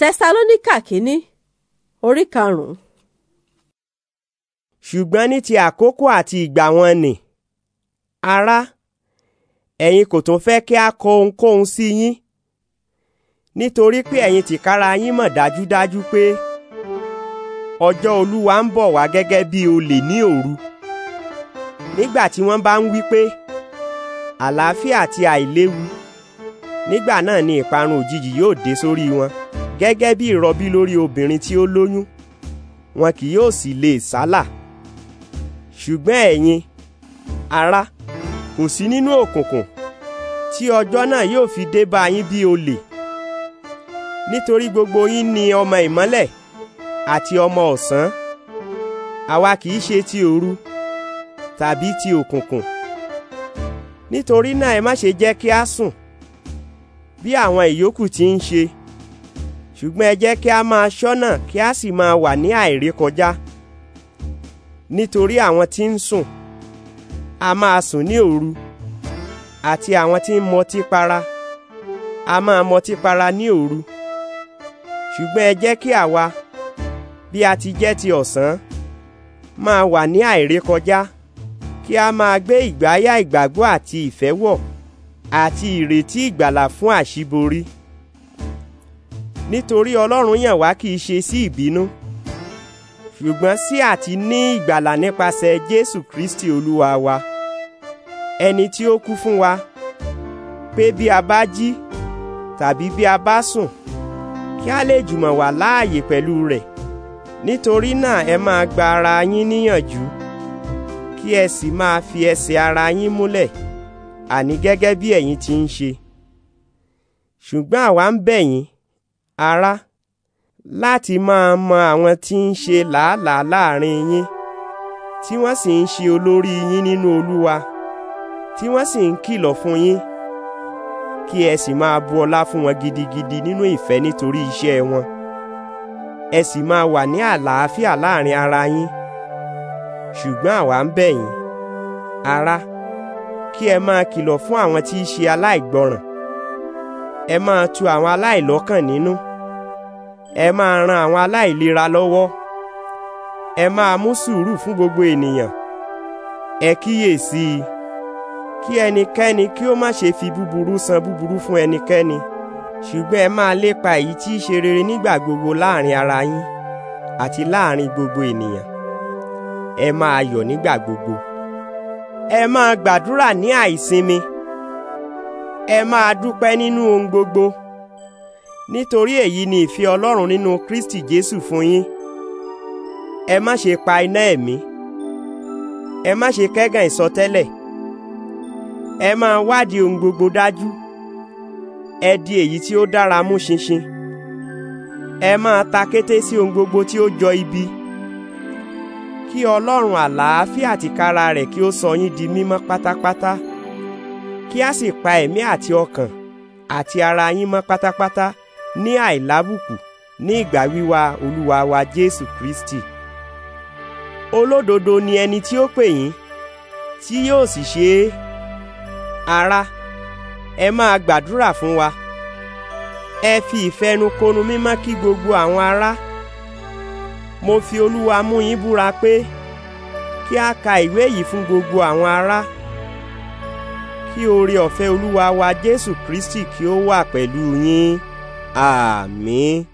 tẹsalóníkà kínní orí karùnún. ṣùgbọ́n ní ti àkókò àti ìgbà wọn nì ara. ẹ̀yin kò tún fẹ́ kí a kọ ohunkóhun sí yín nítorí pé ẹ̀yin tìkára yín mọ̀ dájúdájú pé ọjọ́ olúwa ń bọ̀ wá gẹ́gẹ́ bí olè ní òru nígbà tí wọ́n bá ń wí pé àlàáfíà àti àìléwu nígbà náà ni ìparun òjijì yóò dé sórí wọn gẹ́gẹ́ bí ìrọbí lórí obìnrin tí ó lóyún wọn kì yóò sì lè sálà ṣùgbọ́n ẹ̀yin ará kò sí nínú òkùnkùn tí ọjọ́ náà yóò fi dé bá yín bí olè nítorí gbogbo yín ni ọmọ ìmọ́lẹ̀ àti ọmọ ọ̀sán àwa kì í ṣe ti òru tàbí ti òkùnkùn nítorí náà ẹ má ṣe jẹ́ kí a sùn bí àwọn ìyókù ti ń ṣe ṣùgbọ́n ẹ jẹ́ kí a máa ṣọ́nà kí a sì máa wà ní àìrékọjá nítorí àwọn tí ń sùn a máa sùn ní òru àti àwọn tí ń mọtí para a máa mọtí para ní òru ṣùgbọ́n ẹ jẹ́ kí àwa bí a ti jẹ́ ti ọ̀sán máa wà ní àìrékọjá kí a máa gbé ìgbáyà ìgbàgbọ́ àti ìfẹ́ wọ̀ àti ìrètí ìgbàlà fún àṣíborí nítorí Ọlọ́run yàn wá kì í ṣe sí ìbínú ṣùgbọ́n sí àti ní ìgbàlà nípasẹ̀ Jésù Kristi Olúwa wa ẹni tí ó kú fún wa pé bí a bá jí tàbí bí a bá sùn kí a lè jùmọ̀ wà láàyè pẹ̀lú rẹ̀ nítorí náà ẹ máa gba ara yín níyànjú kí ẹ sì máa fi ẹsẹ̀ ara yín múlẹ̀ àní gẹ́gẹ́ bí ẹ̀yin ti ń ṣe ṣùgbọ́n àwa ń bẹ̀ Ara, láti máa mọ àwọn tí ń ṣe làálàá láàrin yín tí wọ́n sì ń ṣe olórí yín nínú olúwa tí wọ́n sì ń kìlọ̀ fún yín kí ẹ sì máa bu ọlá fún wọn gidigidi nínú ìfẹ́ nítorí iṣẹ́ wọn ẹ sì máa wà ní àlàáfíà láàrin ara yín ṣùgbọ́n àwa ń bẹ̀ yín ará kí ẹ máa kìlọ̀ fún àwọn tí í ṣe aláìgbọràn ẹ máa tu àwọn aláìlọ́kàn nínú. No? ẹ máa ran àwọn aláìlera lọ́wọ́ ẹ máa mú sùúrù fún gbogbo ènìyàn ẹ kíyè sí i kí ẹnikẹ́ni kí ó má ṣe fi búburú san búburú fún ẹnikẹ́ni ṣùgbọ́n ẹ máa lépa èyí tí í ṣe rere nígbà gbogbo láàrin ara yín àti láàrin gbogbo ènìyàn ẹ máa yọ̀ nígbà gbogbo ẹ máa gbàdúrà ní àìsinmi ẹ máa dúpẹ́ nínú ohun gbogbo nítorí èyí ni ìfẹ́ Ọlọ́run nínú Kristi Jésù fún yín ẹ má ṣe pa iná ẹ̀mí ẹ má ṣe kẹ́gàn ìsọtẹ́lẹ̀ ẹ máa wádìí ohun gbogbo dájú ẹ di èyí tí ó dára mú ṣinṣin ẹ máa ta kété sí ohun gbogbo tí ó jọ ibi kí Ọlọ́run àlàáfíà àtìkára rẹ̀ kí ó sọ yín di mímọ́ pátápátá kí a sì pa ẹ̀mí àti ọkàn àti ara yín mọ́ pátápátá ní àìlábùkù ní ìgbà wíwá olúwa wa jésù kristi olódodo ni ẹni tí ó pè yín tí yóò sì ṣe é ará ẹ máa gbàdúrà fún wa ẹ fi ìfẹnukonu mímọ́ kí gbogbo àwọn ará mo fi olúwa mú yín búra pé kí a ka ìwé yìí fún gbogbo àwọn ará kí oore ọ̀fẹ́ olúwa wa jésù kristi kí ó wà pẹ̀lú yín. Àmín.